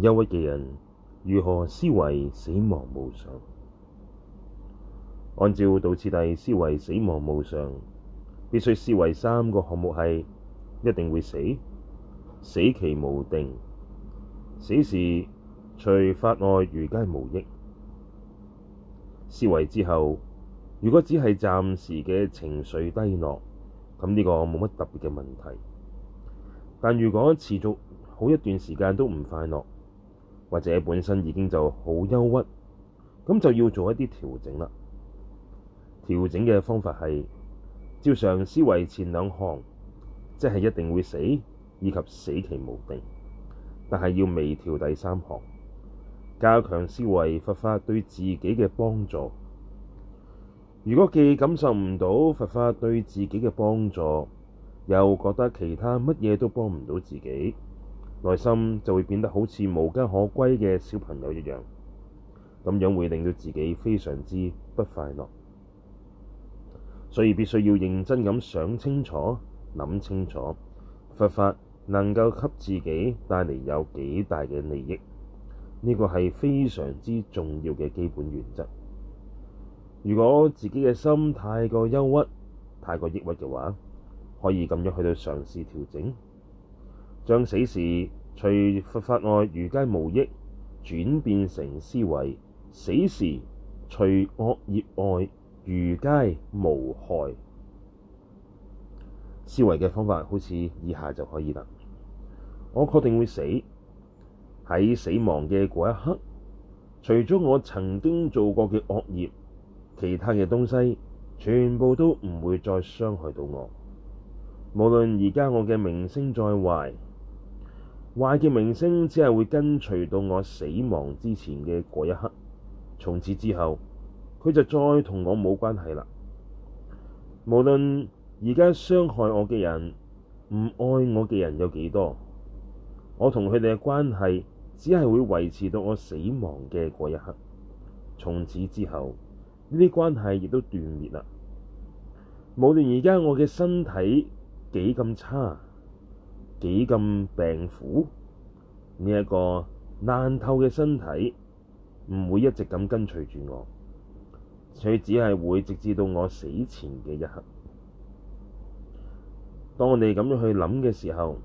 憂鬱嘅人如何思維死亡無常？按照道次第思維死亡無常，必須思維三個項目係：一定會死、死期無定、死時除法外餘皆無益。思維之後，如果只係暫時嘅情緒低落，咁呢個冇乜特別嘅問題。但如果持續好一段時間都唔快樂，或者本身已經就好憂鬱，咁就要做一啲調整啦。調整嘅方法係照常思維前兩項，即係一定會死以及死期無定，但係要微調第三項，加強思維佛法對自己嘅幫助。如果既感受唔到佛法對自己嘅幫助，又覺得其他乜嘢都幫唔到自己。內心就會變得好似無家可歸嘅小朋友一樣，咁樣會令到自己非常之不快樂。所以必須要認真咁想清楚、諗清楚，佛法能夠給自己帶嚟有幾大嘅利益，呢個係非常之重要嘅基本原則。如果自己嘅心太過憂鬱、太過抑鬱嘅話，可以咁樣去到嘗試調整。將死時除佛法外如皆無益，轉變成思維，死時除惡業外如皆無害。思維嘅方法，好似以下就可以啦。我確定會死，喺死亡嘅嗰一刻，除咗我曾經做過嘅惡業，其他嘅東西全部都唔會再傷害到我。無論而家我嘅名聲再壞。壞嘅名聲只係會跟隨到我死亡之前嘅嗰一刻，從此之後，佢就再同我冇關係啦。無論而家傷害我嘅人、唔愛我嘅人有幾多，我同佢哋嘅關係只係會維持到我死亡嘅嗰一刻，從此之後，呢啲關係亦都斷滅啦。無論而家我嘅身體幾咁差。幾咁病苦，呢一個爛透嘅身體唔會一直咁跟隨住我，佢只係會直至到我死前嘅一刻。當你咁樣去諗嘅時候，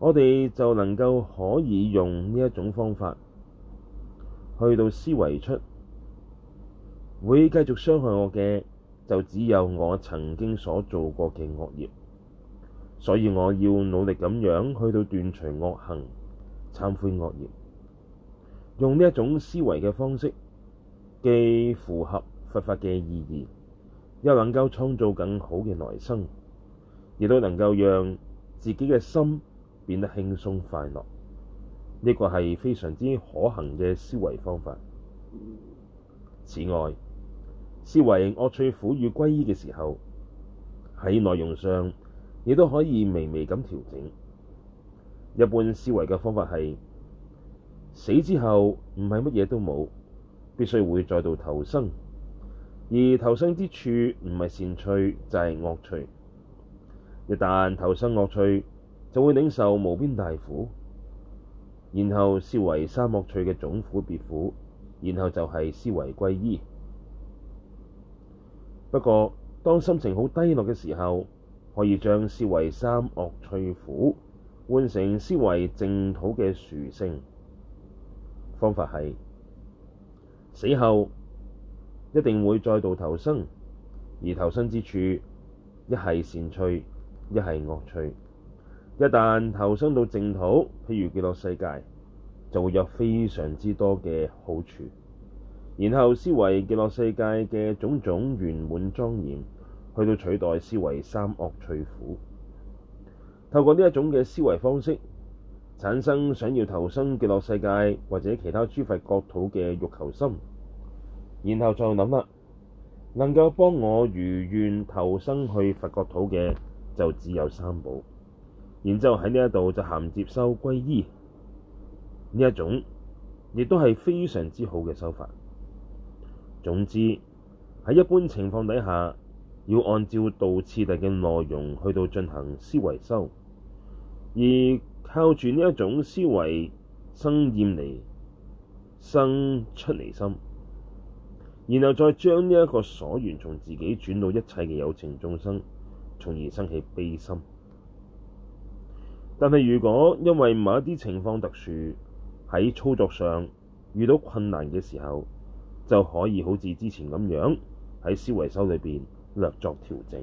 我哋就能夠可以用呢一種方法去到思維出。會繼續傷害我嘅，就只有我曾經所做過嘅惡業。所以我要努力咁樣去到斷除惡行、懺悔惡業，用呢一種思維嘅方式，既符合佛法嘅意義，又能夠創造更好嘅來生，亦都能夠讓自己嘅心變得輕鬆快樂。呢個係非常之可行嘅思維方法。此外，思維惡趣苦與歸依嘅時候，喺內容上，亦都可以微微咁調整。一般思維嘅方法係：死之後唔係乜嘢都冇，必須會再度投生，而投生之處唔係善趣就係惡趣。一旦投生惡趣，就會領受無邊大苦，然後思維三惡趣嘅總苦別苦，然後就係思維歸依。不過，當心情好低落嘅時候，可以將思維三惡趣苦換成思維淨土嘅殊勝。方法係死後一定會再度投生，而投生之處一係善趣，一係惡趣。一旦投生到淨土，譬如極樂世界，就會有非常之多嘅好處。然後思維極樂世界嘅種種圓滿莊嚴。去到取代思維三惡趣苦，透過呢一種嘅思維方式，產生想要投生極樂世界或者其他諸佛國土嘅欲求心，然後就諗啦，能夠幫我如願投生去佛國土嘅就只有三寶。然之後喺呢一度就銜接收皈依呢一種，亦都係非常之好嘅修法。總之喺一般情況底下。要按照道次第嘅內容去到進行思維修，而靠住呢一種思維生厭離、生出離心，然後再將呢一個所緣從自己轉到一切嘅有情眾生，從而生起悲心。但係如果因為某一啲情況特殊，喺操作上遇到困難嘅時候，就可以好似之前咁樣喺思維修裏邊。略作調整。